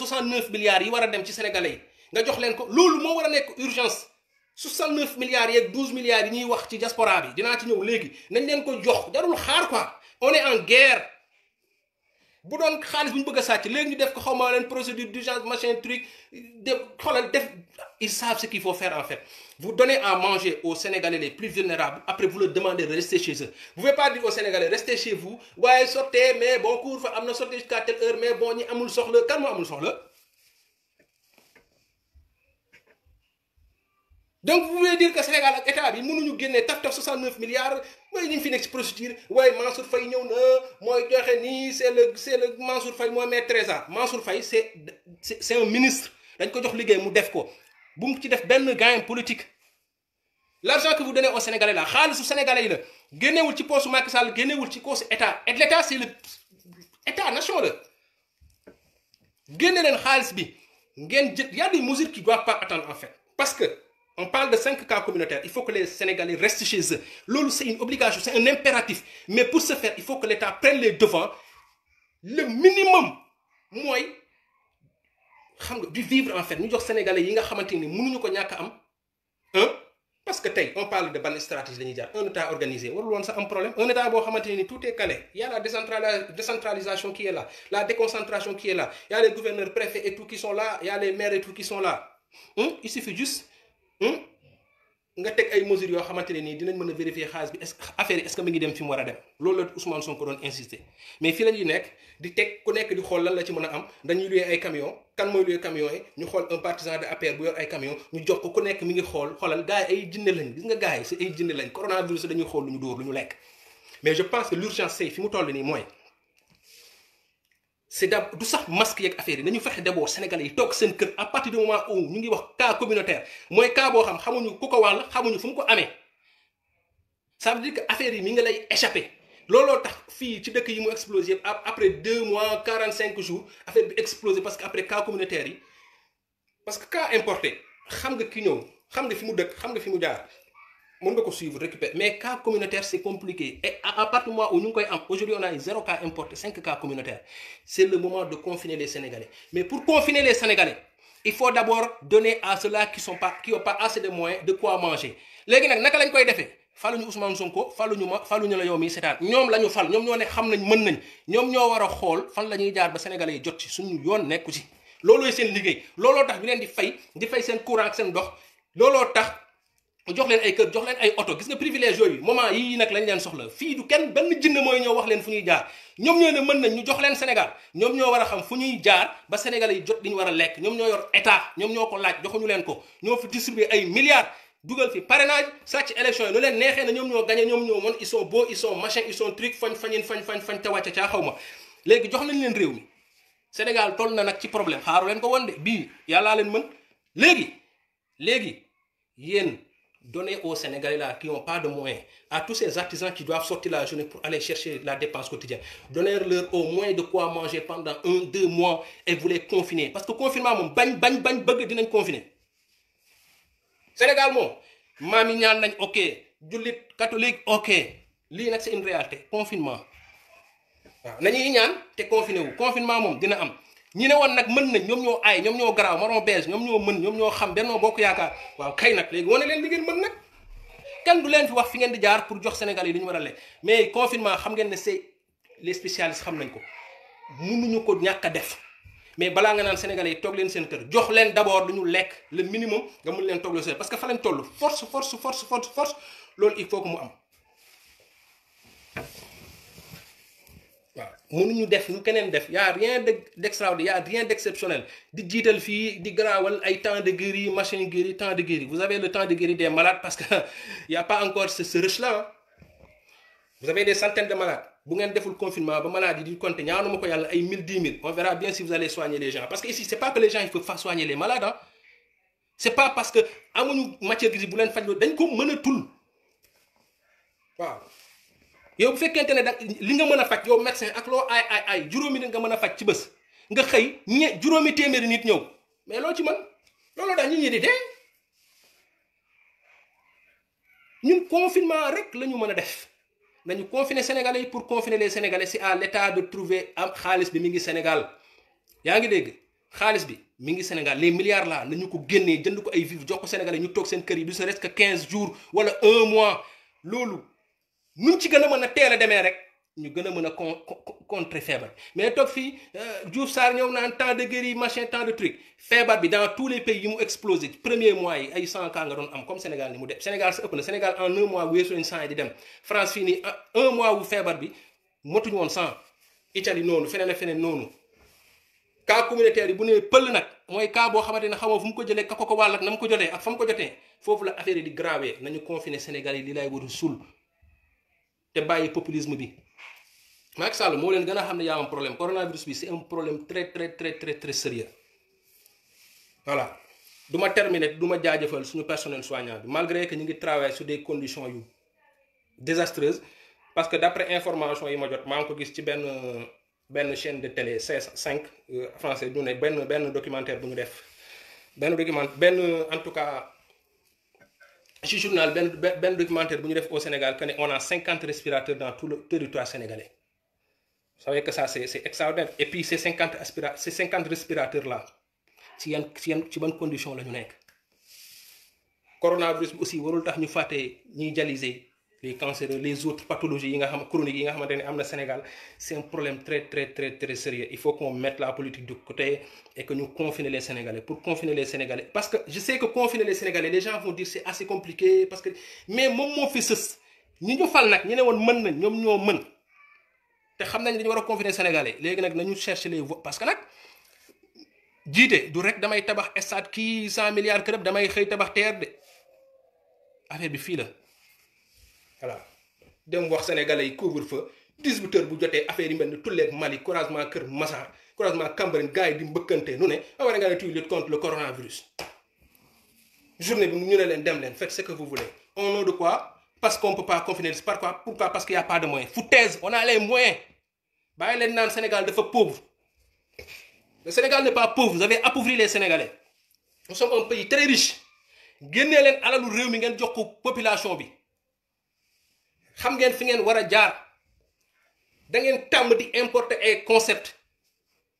milliards yi war a dem ci sénégalais yi nga jox leen ko loolu moo war a nekk urgence 69 milliards yeeg 12 milliards yi ñuy wax ci diaspora bi dinaa ci ñëw léegi nañ leen ko jox jarul xaar quoi on est en guerre. bu doon xaalis bu ñu bëgg a sàcc léegi ñu def ko xaw ma leen procédure d'urgence machin truc de xoolal def ils savent ce qu'il faut faire en fait vous donnez à manger aux Sénégalais les plus vulnérables après vous leur demandez de rester chez eux vous ne pouvez pas dire aux Sénégalais restez chez vous waaye sortez mais bon couvre-feu am na sortez jusqu'à telle heure mais bon ñi amul soxla kan moo amul soxla donc vous voulez dire que Sénégal ak état bi mënuñu génnee taf taf 69 milliards mooy ñu fi nekk ci procédure waaye Mansour Faye ñëw na mooy joxe nii c'est le c'est le Mansour Faye mooy maire trésor Mansour Faye c'est c'est un ministre dañ ko jox liggéey mu def ko bu mu ci def benn gain politique l'argent que vous donnez aux Sénégalais là xaalisu Sénégalais yi la génnewul ci poche Macky Sall génnewul ci poche état et l'état c'est le état nation la génne leen xaalis bi ngeen jël y a des mesures qui doivent en fait parce que on parle de cinq cas communautaires il faut que les Sénégalais restent chez eux loolu c'est une obligation c'est un impératif mais pour ce faire il faut que l'État prenne les devants le minimum mooy xam nga du vivre en fait ñu jox Sénégalais yi nga xamante ni mënuñu ko ñàkk am un parce que tey on parle de ban stratégie la ñuy un état organisé warul woon sax am problème un état boo xamante ni tout est calé il y a la décentralisation qui est là la déconcentration qui est là il y a les Hmm? nga teg ay mesures yoo xamante nii dinañ mën a vérifier xaalis bi est-ce que affaire yi est-ce que ngi dem fi mu war a dem loolu la Ousmane Sonko doon insister mais fii la nekk di teg ku nekk di xool lan la ci mën a am dañuy louer ay camion kan mooy louer camion yi ñu xool un partisan de APR bu yor ay camion ñu jox ko ku nekk mi ngi xool xoolal gars yi ay jinne lañ gis nga gars yi si ay jinne lañ coronavirus dañuy xool lu ñu dóor lu ñu lekk mais je pense toll nii mooy c'est da du sax masque yeeg affaire yi nañu fexe d'abord sénégalais yi toog seen kër à partir du moment où ñu ngi wax cas communautaire mooy kaa boo xam xamuñu ku ko wàll xamuñu fu mu ko amee ça veut que affaire yi mi ngi lay échappé looloo tax fii ci dëkk yi mu explosé après deux mois quarante cinq jours affaire bi explosé parce que après cas communautaire yi parce que cas importé xam nga ki ñëw xam nga fi mu dëkk xam nga fi mu jaar mën nga ko suivre récupérer mais cas communautaire c'est compliqué et à ñu ngi koy am aujourd'hui on a zéro cas importé cinq cas communautaires c'est le moment de confiner les Sénégalais mais pour confiner les Sénégalais il faut d'abord donner à ceux qui sont pas qui ont pas assez de moyens de quoi manger léegi nag naka lañ koy defee faluñu Ousmane Sonko faluñu ma faluñu la yow mi seetaan ñoom la fal ñoom ñoo ne xam nañ mën nañ ñoom ñoo war a xool fan la ñuy jaar ba Sénégalais yi jot ci suñu yoon nekku ci loolooy seen liggéey looloo tax ñu leen di jox leen ay kër jox leen ay oto gis nga privilège yooyu moment yii nag lañ leen soxla fii du kenn benn jënd mooy ñoo wax leen fu ñuy jaar ñoom ñoo ne mën nañ ñu jox leen Sénégal ñoom ñoo war a xam fu ñuy jaar ba Sénégalais yi jot li ñu war a lekk ñoom ñoo yor état ñoom ñoo ko laaj joxuñu leen ko ñoo fi distribuer ay milliards dugal fi parrainage sàcc élection yi nu leen neexee na ñoom ñoo gagné ñoom ñoo mën ils sont beaux ils sont machin ils sont truc fañ fañ fañ fañ te wàcce caa ma léegi jox nañ leen réew mi Sénégal toll na nag ci problème xaaru leen ko woon de bii yàllaa leen mën léegi léegi donner au Sénégalais là, qui n'ont pas de moyens, à tous ces artisans qui doivent sortir la journée pour aller chercher la dépense quotidienne, donner leur au moins de quoi manger pendant un, deux mois et vous confiner. Parce que confinement, mon bagne, bagne, bagne, bug, dinañ confiner. Sénégal, mon, ñaan lañ ok, julit, catholique, ok. lii nak c'est une réalité, confinement. Waaw, nañuy ñaan te confiné wu. Confinement mom dina am. ñi ne woon nag mën nañ ñoom ñoo aay ñoom ñoo garaaw marron beige ñoom ñoo mën ñoom ñoo xam bennoo bokk yaakaar waaw kay nag léegi wane leen li ngeen mën nag kenn du leen fi wax fi ngeen di jaar pour jox Sénégal yi li ñu war a lekk mais confinement xam ngeen ne c'est les spécialistes xam nañ ko mënuñu ko ñàkk def mais balaa nga naan sénégalais yi toog leen seen kër jox leen d'abord lu ñu lekk le minimum nga mun leen toog la seen parce que fa lañ toll force force force force force loolu il faut mu am waaw mënuñu def nu keneen def y' a rien de d' extraordinaire y' a rien d' exceptionnel di jiital fii di garaawal ay temps de guéri machine guéri temps de guéri vous avez le temps de guéri des malades parce que y' a pas encore ce rush là vous avez des centaines de malades bu ngeen deful confinement ba malade yi di compter ñaanu ma ko yàlla ay mille dix mille on verra bien si vous allez soigner les gens parce que ici c' est pas que les gens il faut faire soigner yow bu fekkente ne da li nga mën a faj yow médecin ak loo ay ay ay juróomi nit nga mën a faj ci bës nga xëy ñe juróomi téeméeri nit ñëw mais loo ci man loolu daal nit ñi di dee ñun confinement rek la ñu mën a def nañu confiner sénégalais yi pour confiner les sénégalais si à l'état de trouver am xaalis bi mi ngi Sénégal yaa ngi dégg xaalis bi mi ngi Sénégal les milliards là nañu ko génnee jënd ko ay vivres jox ko sénégalais ñu toog seen kër yi du serait-ce que 15 jours wala un mois loolu. nuñ ci gën a mën a teel a demee rek ñu gën a mën a con contre feebar mais toog fii euh, Diouf Sarr ñëw naan tant de guéri machin tant de truc feebar bi dans tous les pays yi mu explosé premier mois yi ay 100 cas nga doon am comme Sénégal ni mu dem Sénégal sa ëpp na Sénégal en un mois weesu di dem France fii nii ah, un mois wu feebar bi motuñu woon 100 Italie noonu feneen ak feneen noonu cas communautaire yi bu nee pël nag mooy cas boo xamante ne xamoo fu mu ko jëlee ka ko ko wàll ak na mu ko jotee ak fa mu ko jotee Sénégal yi li a suul te bàyyi populisme bi Macky Sall moo leen gën a xam ne yaa am problème coronavirus bi c'est un problème très très très très sérieux voilà du ma terminer du ma jaajëfal suñu personnel soignant bi malgré que ñu ngi travailler sur des conditions yu désastreuses parce que d'après information yi ma jot maa ngi ko gis ci benn benn chaîne de télé C5 euh, français ñu benn benn documentaire bu ñu def benn document benn en tout cas. ci journal benn benn documentaire bu ñu def au Sénégal que ne a cinquante respirateurs dans tout le territoire sénégalais vous savez que ça c'est c'est extraordinaire et puis ces cinquante aspira ces ci yan ci yan ci ban condition la nekk coronavirus bi aussi warul tax ñu fàtte ñiy dialyser les cancéreux les autres pathologies yi nga xam chroniques yi nga xamante ne am na Sénégal c'est un problème très très très très sérieux il faut qu'on mette la politique de côté et que ñu confiner les Sénégalais pour confiner les Sénégalais parce que je que confiner les Sénégalais les gens vont moom moo fi sës ñi ñu fal ñu ne woon mën nañ ñoom ñoo mën te xam nañ dañu war a confiner Sénégalais léegi nag nañu chercher les voies parce que nag jiite du rek damay tabax stade kii cent milliards kërëb damay xëy tabax terre de affaire bi fii la voilà dem wax sénégalais yi couvre-feu 18 bu jotee affaire yi mel ni tulleeg Mali couragement Kër Massar couragement Cambérène gars yi di mbëkkante nu ne a war nga ne tuy lutte contre le coronavirus journée bi ñu ne leen dem leen faites ce que vous voulez au nom de quoi parce qu'on peut pas confiner par quoi pourquoi parce qu'il y a pas de moyens foutaise on a les moyens bàyyi leen naan Sénégal dafa pauvre le Sénégal n'est pas pauvre vous avez appauvri les génnee leen alalu réew mi ngeen jox ko population bi xam ngeen fi ngeen war a jaar dangeen ngeen tàmm di importer ay concept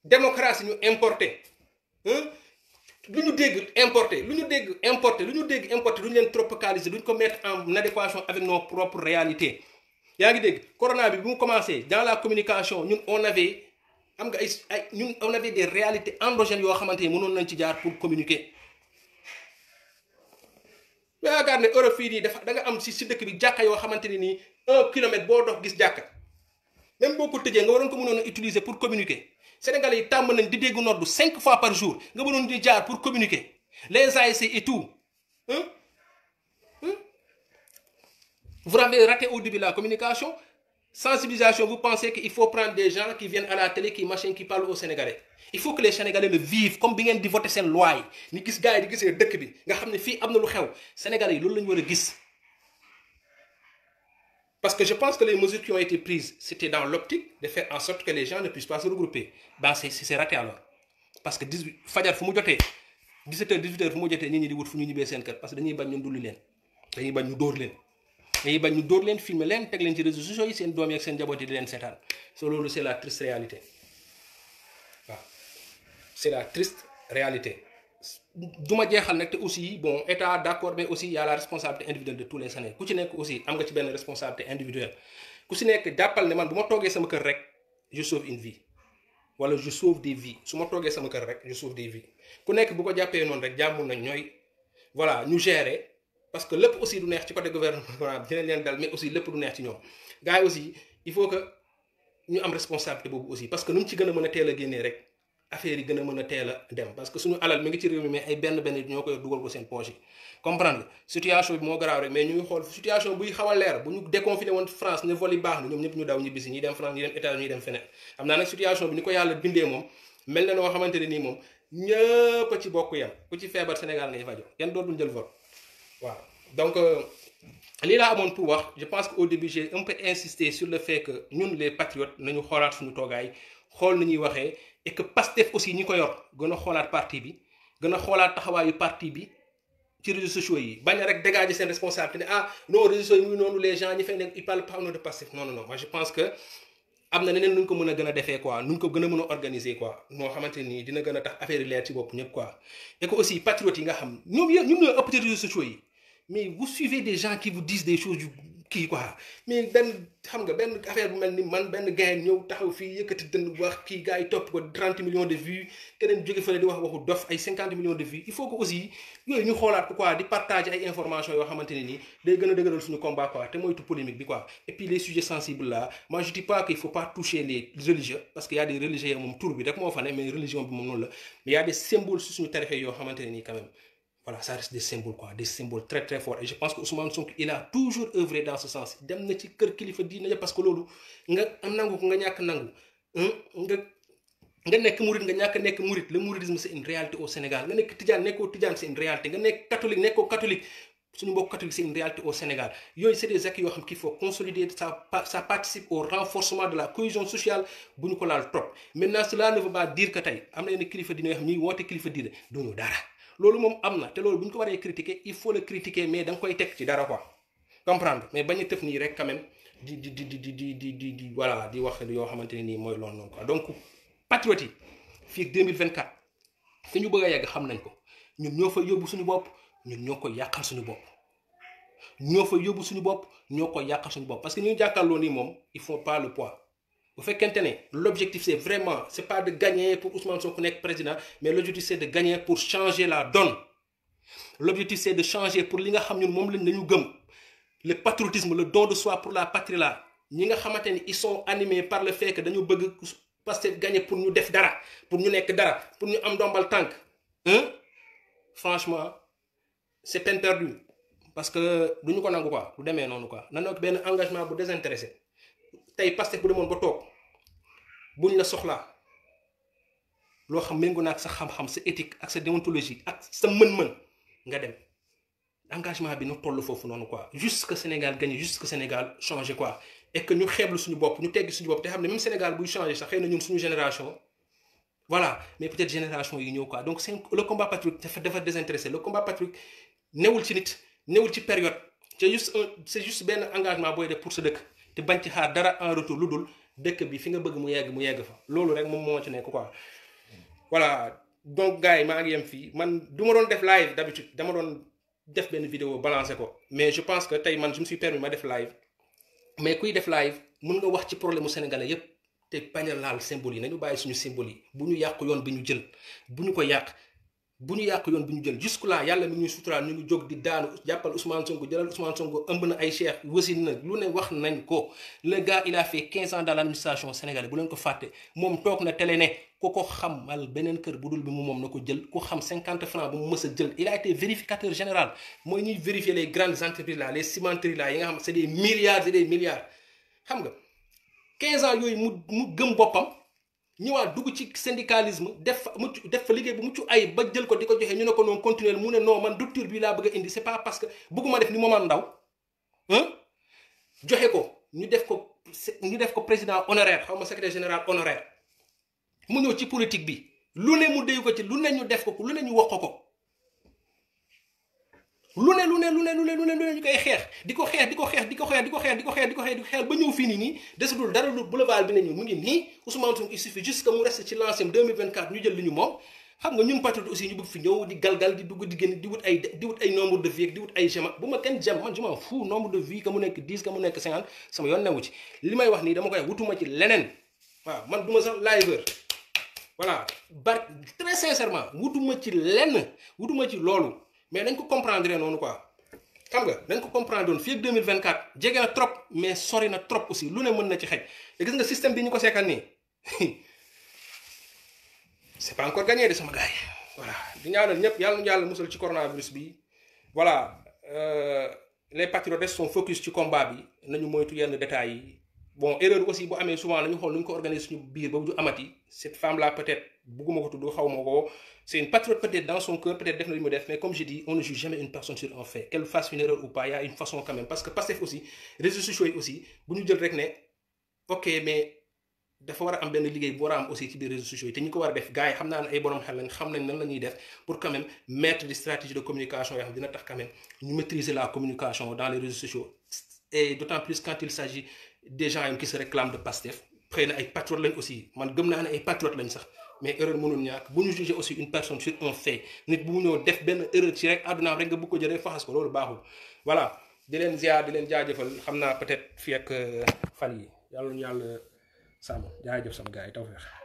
démocratie ñu importer lu ñu dégg importer lu ñu dégg importer lu ñu dégg importer lu ñu leen tropicaliser du ñu ko mettre en adéquation avec nos propres réalités yaa ngi dégg corona bi bu mu commencé dans la communication ñun on avait am nga ay ay ñun on avait des réalités endogènes yoo xamante ni mënoon nañ ci jaar pour communiqué yaakaar ne Europe fii nii dafa da nga am si si dëkk bi jàkka yoo xamante ne nii un kilomètre boo dox gis jàkka même boo ko tëjee nga waroon ko mënoon utiliser pour communiquer Sénégalais yi tàmm nañ di dégg noddu cinq fois par jour nga mënoon di jaar pour communiquer les ASC et tout hein hein vous avez raté au début la communication sensibilisation vous pensez qu'il faut prendre des gens qui viennent à la télé qui machin qui parlent aux il faut que les sénégalais le vivent comme bi ngeen di voté seen loi yi ni gis gars yi di gisee dëkk bi nga xam ne fii am na lu xew sénégalais yi loolu la ñu war a gis parce que je pense que les mesures qui ont été prises dans l'optique de faire en sorte que les gens ne parce que 18 fajar fu mu jotee 17 heures 18 heures fu mu jotee nit ñi di wut fu ñu ñibbee seen kër parce que dañuy bañ ñu dulli leen dañuy bañ ñu dóor leen dañuy bañ ñu dóor leen c'est la triste réalité du ma jeexal nag te aussi bon état d'accord mais aussi y a la responsabilité individuelle de tous les Sénégalais ku ci nekk aussi am nga ci benn responsabilité individuelle ku ci nekk jàppal ne man bu ma toogee sama kër rek je sauve une wala je sauve des vies su ma sama kër rek je sauve des vies ku nekk bu ko jàppee noonu rek jàmmul nañ ñooy voilà ñu gérer parce que lépp aussi du neex ci côté gouvernement bi dinañ leen dal mais aussi lépp du neex ci ñoom gars yi aussi il faut que ñu am responsabilité boobu aussi parce que nu mu ci gën a a teel a affaire yi gën a mën a teel a dem parce que suñu alal mi ngi ci réew mi mais ay benn benn ñoo koy dugal ko seen poche yi comprendre nga situation bi moo garaaw rek mais ñu ngi xool situation buy xaw a leer bu ñu déconfiné woon France ne vol yi baax na ñoom ñëpp ñu daw ñibbisi ñi dem France ñi dem États-Unis ñi dem feneen xam naa nag situation bi ni ko yàlla bindee moom mel na noo xamante nii moom ñëpp ci bokk yam ku ci feebar Sénégal ngay fajo kenn dootul jël vol waaw donc euh, lii laa amoon wax je pense que au début j'ai un peu insisté sur le fait que ñun les suñu toogaay xool na ñuy waxee et que Pastef aussi ñi ko yor gën a xoolaat parti bi gën a xoolaat taxawaayu parti bi ci réseaux sociaux yi bañ a rek dégager seen responsabilité ne ah non réseaux sociaux yi muy moo xamante nii dina gën a tax affaire leer ci bopp ñëpp quoi et aussi patriotes yi nga xam ñoom ñoom ñoo ëpp ci réseaux sociaux yi mais vous suivez des gens qui vous disent des choses yu kii quoi mais benn xam nga benn affaire bu mel ni man benn gaay ñëw taxaw fii yëkkati dënn wax kii gars yi topp ko trente millions de vues keneen jóge fële di wax waxu dof ay cinquante millions de vues il faut que aussi yooyu ñu xoolaat ko quoi di partager ay informations yoo xamante ne nii day gën a dëgëral suñu combat quoi te moytu polémique bi quoi et puis les sujets sensibles là moi je dis pas faut pas toucher les religieux parce que y a voilà ça reste des symboles quoi des symboles très très forts et je pense que Ousmane Sonko il a toujours œuvré dans ce sens dem na ci kër kilifa diina ja parce que loolu nga nangu nga ñàkk nangu nga nekk murit nga ñàkk nekk murit le mouridisme c'est une réalité au Sénégal nga nekk tijaan nekkoo tijaan c'est une réalité nga nekk catholique nekkoo catholique suñu mbokk catholique c'est une réalité au Sénégal yooyu c'est des acquis yoo xam qu'il faut consolider ça ça participe au renforcement la cohésion sociale bu ñu ko laal trop maintenant loolu moom am na te loolu bu ñu ko waree critiquer il faut le critiquer mais da koy teg ci dara quoi comprendre mais bañ a tëf nii rek quand même di di di di di di di di voilà di wax yoo xamante ne nii mooy loolu noonu quoi donc patriote yi fii ak 2024 fi ñu bëgg a yegg xam nañ ko ñun ñoo fa yóbbu suñu bopp ñun ñoo ko yàqal suñu bopp ñoo fa yóbbu suñu bopp ñoo ko yàqal suñu bopp parce que ñu jàkkaarloo nii moom il faut pas le poids. bu fekkente ne l'objectif c'est vraiment c'est pas de gagner pour Ousmane Sonko nekk président mais l'objectif c'est de gagner pour changer la donne l'objectif c'est de changer pour li nga xam ñun moom lañ ñu gëm le patriotisme le don de soi pour la patrie là ñi nga xamante ni ils sont animés par le fait que dañu bëgg Pastef gagner pour ñu def dara pour ñu nekk dara pour ñu am ndombal tànk franchement c'est peine perdue parce que duñu ko nangu quoi lu demee noonu quoi na nekk benn engagement bu désintéressé tey Pastef bu moom ba toog buñ la soxla loo xam méngoo naag sa xam-xam sa éthique ak sa déontologie ak sa mën-mën nga dem engagement bi nu toll foofu noonu quoi juste que Sénégal gagné juste que Sénégal changé quoi et que ñu xeeblu suñu bopp ñu teggi suñu bopp te xam ne même Sénégal buy changé sax xëy na ñun suñu génération voilà mais peut-être génération yi ñëw quoi donc c'est le combat patriotique dafa dafa désintéressé le combat patriotique newul ci nit newul ci période c'est juste un benn engagement booy def pour sa dëkk te bañ ci xaar dara en retour lu dul dëkk bi fi nga bëgg mu yegg mu yegg fa loolu rek moom moo ci nekk quoi voilà donc gars yi maa ngi yem fii man duma doon def live d'habitude dama doon def benn vidéo balancer ko mais je pense que tey man je me suis permis ma def live mais kuy def live mun nga wax ci problème mu sénégalais yépp te bañ a laal symbole yi nañu bàyyi suñu symbole yi bu ñu yàq yoon bu ñu jël bu ñu ko yàq bu ñu yàq yoon bu ñu jël jusque laa yàlla mi ñuy suturaal ñu ngi jóg di daanu jàppal Ousmane Sonko jëlal Ousmane Sonko ëmb na ay cheikh wasin na lu ne wax nañ ko le gars il a fait 15 ans dans l' administration sénégalaise bu leen ko fàtte moom toog na télé ne ku ko xamal beneen kër bu dul bi mu moom na ko jël ku xam cinquante francs bu mu mës a jël il a vérificateur général mooy ñuy vérifier les grandes entreprises là les cimenteries là yi nga xam c' xam nga 15 ans yooyu mu mu gëm boppam. ñëwaat dugg ci syndicalisme def fa mucc def fa liggéey bu mucc ay ba jël ko di ko joxe ñu ne ko noonu continuer mu ne non man docteur bi laa bëgg a indi c'est pas parce que bëgguma def ni moomaan ndaw joxe ko ñu def ko ñu def ko président honoraire xaw ma secrétaire général honoraire mu ñëw ci politique bi lu ne mu déy ko ci lu ne ñu def ko lu ne ñu wax ko ko lu ne lu ne lu ne lu ne lu ne lu ne ñu koy xeex di ko xeex di ko xeex di ko xeex di ko xeex di ko xeex di ko xeex di ko xeex ba ñëw fii nii nii desatul dara lu boulevard bi ne ñu mu ngi nii Ousmane Sonko il suffit juste que mu reste ci lancé 2024 ñu jël li ñu moom xam nga ñun patriote aussi ñu bëgg fi ñëw di galgal di dugg di génn di wut ay di wut ay nombre de vie di wut ay jema bu ma kenn jam man je m'en fous nombre de vie ka mu nekk 10 ka mu nekk 50 sama yoon newu ci li may wax nii dama koy wutuma ci leneen waaw man du ma sax liveur voilà bar très sincèrement wutuma ci lenn wutuma ci loolu mais nañ ko comprendre noonu quoi xam nga nañ ko comprendre woon fii ak 2024 jege na trop mais sori na trop aussi lu ne mën na ci xëj te gis nga système bi ñu ko seekal nii c'est pas encore gagné de sama gars yi di ñaanal ñëpp yàlla mu yàlla musal ci coronavirus bi voilà euh, les patriotes sont focus ci combat bi nañu moytu yenn détails yi. bon erreur aussi bu amee souvent nañu xool nu ñu ko organiser suñu biir ba du amati cette femme là peut bugguma ko tudd xaw ma ko c'est une patriote dans son cœur peut def na lu mu def mais comme je dis on ne juge jamais une personne sur un fait qu'elle fasse ou pas y a une façon quand parce que Pastef aussi réseaux sociaux yi aussi bu ñu jël rek ne ok mais dafa war a am benn liggéey bu war a am aussi ci biir réseaux sociaux yi a def naa ne ay borom xel lañ xam nañ nan tax quand la communication dans les déjà yam qui se réclament de Pastef xëy na ay patriotes lañ aussi man gëm naa ne ay patriotes lañ sax mais erreur mënul ñàkk bu ñu juger aussi une personne sur un fait nit bu ñëw def benn erreur ci rek àddunaam rek nga bëgg ko jëlee faxas ko loolu baaxul voilà di leen ziar di leen jaajëfal xam naa peut-être fii ak euh, fan yi yàlla ñu yàlla sàmm jaajëf sama gars yi tawfeex